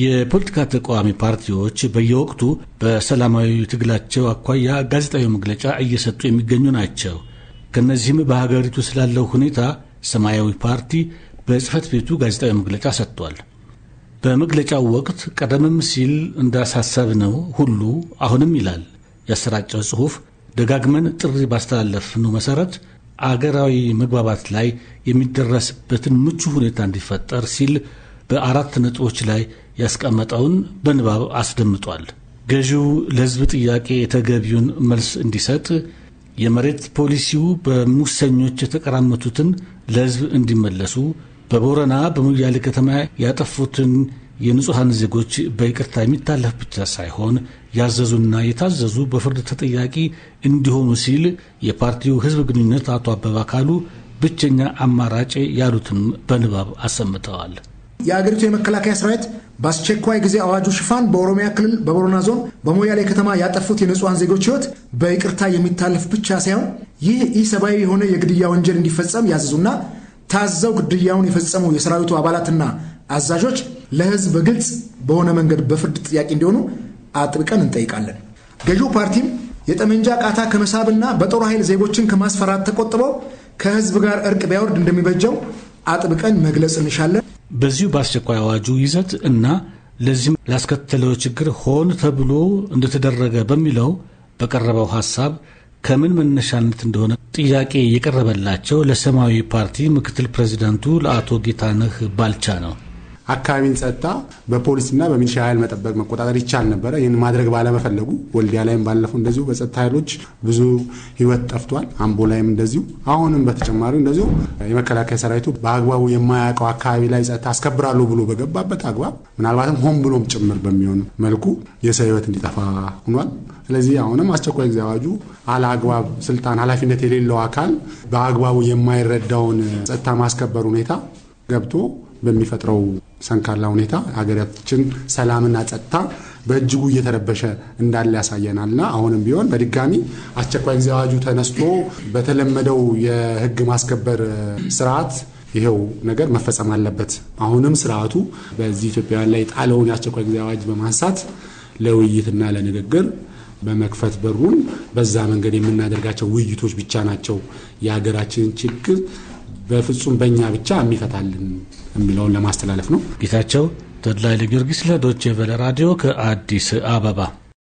የፖለቲካ ተቃዋሚ ፓርቲዎች በየወቅቱ በሰላማዊ ትግላቸው አኳያ ጋዜጣዊ መግለጫ እየሰጡ የሚገኙ ናቸው። ከእነዚህም በሀገሪቱ ስላለው ሁኔታ ሰማያዊ ፓርቲ በጽህፈት ቤቱ ጋዜጣዊ መግለጫ ሰጥቷል። በመግለጫው ወቅት ቀደምም ሲል እንዳሳሰብነው ሁሉ አሁንም ይላል ያሰራጨው ጽሑፍ ደጋግመን ጥሪ ባስተላለፍነው መሰረት አገራዊ መግባባት ላይ የሚደረስበትን ምቹ ሁኔታ እንዲፈጠር ሲል በአራት ነጥቦች ላይ ያስቀመጠውን በንባብ አስደምጧል። ገዢው ለሕዝብ ጥያቄ የተገቢውን መልስ እንዲሰጥ የመሬት ፖሊሲው በሙሰኞች የተቀራመቱትን ለሕዝብ እንዲመለሱ በቦረና በሞያሌ ከተማ ያጠፉትን የንጹሐን ዜጎች በይቅርታ የሚታለፍ ብቻ ሳይሆን ያዘዙና የታዘዙ በፍርድ ተጠያቂ እንዲሆኑ ሲል የፓርቲው ህዝብ ግንኙነት አቶ አበባ ካሉ ብቸኛ አማራጭ ያሉትን በንባብ አሰምተዋል። የአገሪቱ የመከላከያ ሰራዊት በአስቸኳይ ጊዜ አዋጁ ሽፋን በኦሮሚያ ክልል በቦረና ዞን በሞያሌ ከተማ ያጠፉት የንጹሐን ዜጎች ህይወት በይቅርታ የሚታለፍ ብቻ ሳይሆን ይህ ኢሰብአዊ የሆነ የግድያ ወንጀል እንዲፈጸም ያዘዙና ታዘው ግድያውን የፈጸሙ የሰራዊቱ አባላትና አዛዦች ለህዝብ በግልጽ በሆነ መንገድ በፍርድ ጥያቄ እንዲሆኑ አጥብቀን እንጠይቃለን። ገዢው ፓርቲም የጠመንጃ ቃታ ከመሳብና በጦር ኃይል ዜጎችን ከማስፈራት ተቆጥበው ከህዝብ ጋር እርቅ ቢያወርድ እንደሚበጀው አጥብቀን መግለጽ እንሻለን። በዚሁ በአስቸኳይ አዋጁ ይዘት እና ለዚህም ላስከተለው ችግር ሆን ተብሎ እንደተደረገ በሚለው በቀረበው ሐሳብ ከምን መነሻነት እንደሆነ ጥያቄ የቀረበላቸው ለሰማያዊ ፓርቲ ምክትል ፕሬዚዳንቱ ለአቶ ጌታነህ ባልቻ ነው። አካባቢን ጸጥታ በፖሊስና በሚሊሻ ኃይል መጠበቅ መቆጣጠር ይቻል ነበረ። ይህን ማድረግ ባለመፈለጉ ወልዲያ ላይም ባለፈው እንደዚሁ በጸጥታ ኃይሎች ብዙ ህይወት ጠፍቷል። አምቦ ላይም እንደዚሁ አሁንም በተጨማሪ እንደዚሁ የመከላከያ ሰራዊቱ በአግባቡ የማያውቀው አካባቢ ላይ ጸጥታ አስከብራሉ ብሎ በገባበት አግባብ ምናልባትም ሆን ብሎም ጭምር በሚሆን መልኩ የሰው ህይወት እንዲጠፋ ሆኗል። ስለዚህ አሁንም አስቸኳይ ጊዜ አዋጁ አለአግባብ ስልጣን ኃላፊነት የሌለው አካል በአግባቡ የማይረዳውን ጸጥታ ማስከበር ሁኔታ ገብቶ በሚፈጥረው ሰንካላ ሁኔታ ሀገራችን ሰላምና ጸጥታ በእጅጉ እየተረበሸ እንዳለ ያሳየናልና አሁንም ቢሆን በድጋሚ አስቸኳይ ጊዜ አዋጁ ተነስቶ በተለመደው የህግ ማስከበር ስርዓት ይኸው ነገር መፈጸም አለበት። አሁንም ስርዓቱ በዚህ ኢትዮጵያውያን ላይ ጣለውን የአስቸኳይ ጊዜ አዋጅ በማንሳት ለውይይትና ለንግግር በመክፈት በሩን በዛ መንገድ የምናደርጋቸው ውይይቶች ብቻ ናቸው የሀገራችንን ችግር በፍጹም በእኛ ብቻ የሚፈታልን የሚለውን ለማስተላለፍ ነው። ጌታቸው ተድላ ኃይለ ጊዮርጊስ ለዶቼ ቬለ ራዲዮ ከአዲስ አበባ